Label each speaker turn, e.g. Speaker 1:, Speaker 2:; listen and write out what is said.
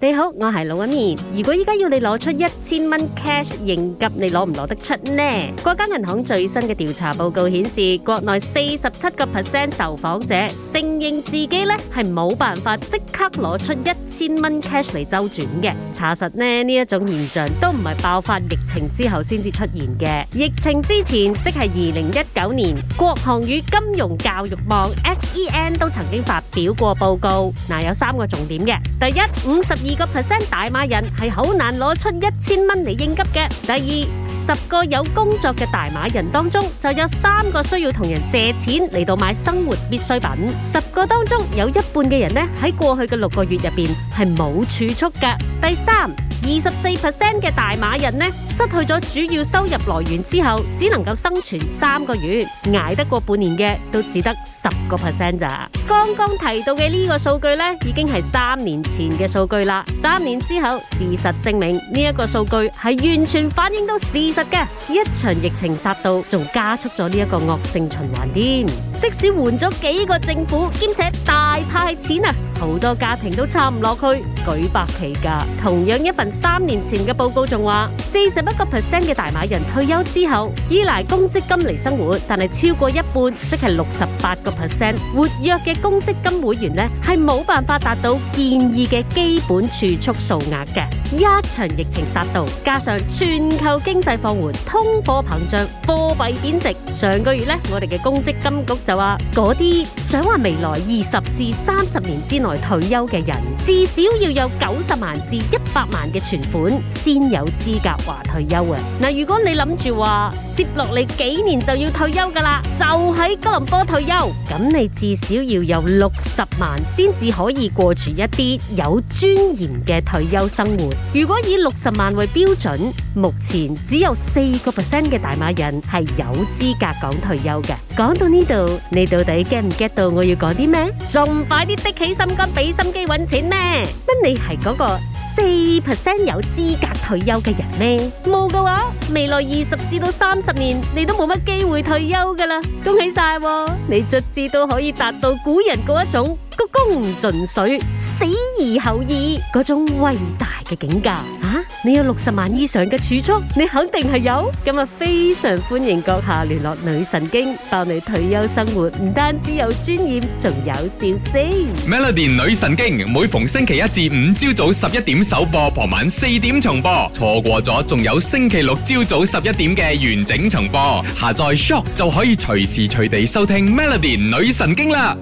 Speaker 1: 你好，我係老阿面。如果依家要你攞出一千蚊 cash 應急，你攞唔攞得出呢？國家銀行最新嘅調查報告顯示，國內四十七個 percent 受訪者承認自己咧係冇辦法即刻攞出一千蚊 cash 嚟周轉嘅。查實呢呢一種現象都唔係爆發疫情之後先至出現嘅，疫情之前即係二零一九年，國行與金融教育網 （FEN） 都曾經發表過報告。嗱、呃，有三個重點嘅，第一五十。二個 percent 大馬人係好難攞出一千蚊嚟應急嘅。第二，十個有工作嘅大馬人當中，就有三個需要同人借錢嚟到買生活必需品。十個當中有一半嘅人呢，喺過去嘅六個月入邊係冇儲蓄㗎。第三。二十四 percent 嘅大馬人呢，失去咗主要收入來源之後，只能夠生存三個月，捱得過半年嘅都只得十個 percent 咋？剛剛提到嘅呢個數據呢，已經係三年前嘅數據啦。三年之後，事實證明呢一個數據係完全反映到事實嘅。一場疫情殺到，仲加速咗呢一個惡性循環添。即使換咗幾個政府，兼且大派錢啊，好多家庭都撐唔落去，舉白旗㗎。同樣一份。三年前嘅報告仲話，四十一個 percent 嘅大馬人退休之後依賴公積金嚟生活，但係超過一半即係六十八個 percent 活躍嘅公積金會員呢，係冇辦法達到建議嘅基本儲蓄數額嘅。一場疫情殺到，加上全球經濟放緩、通貨膨脹、貨幣貶值，上個月呢，我哋嘅公積金局就話，嗰啲想話未來二十至三十年之內退休嘅人，至少要有九十萬至一百萬嘅。存款先有資格話退休啊！嗱，如果你諗住話接落嚟幾年就要退休噶啦，就喺吉隆坡退休，咁你至少要有六十萬先至可以過住一啲有尊嚴嘅退休生活。如果以六十萬為標準，目前只有四個 percent 嘅大馬人係有資格講退休嘅。講到呢度，你到底 get 唔 get 到我要講啲咩？仲唔快啲的起心肝，俾心機揾錢咩？乜你係嗰個四 percent 有資格退休嘅人咩？冇嘅話，未來二十至到三十年，你都冇乜機會退休噶啦。恭喜晒，啊，你卒之都可以達到古人嗰一種鞠躬盡瘁，死而後已嗰種偉大嘅境界啊！你有六十萬以上嘅儲蓄，你肯定係有。咁啊，非常歡迎閣下聯絡女神經，幫你退休生活唔單止有尊嚴，仲有笑聲。Melody 女神經每逢星期一至五朝早十一點首播，傍晚四點重播。錯過咗，仲有星期六朝早十一點嘅完整重播。下載 Shop 就可以隨時隨地收聽 Melody 女神經啦。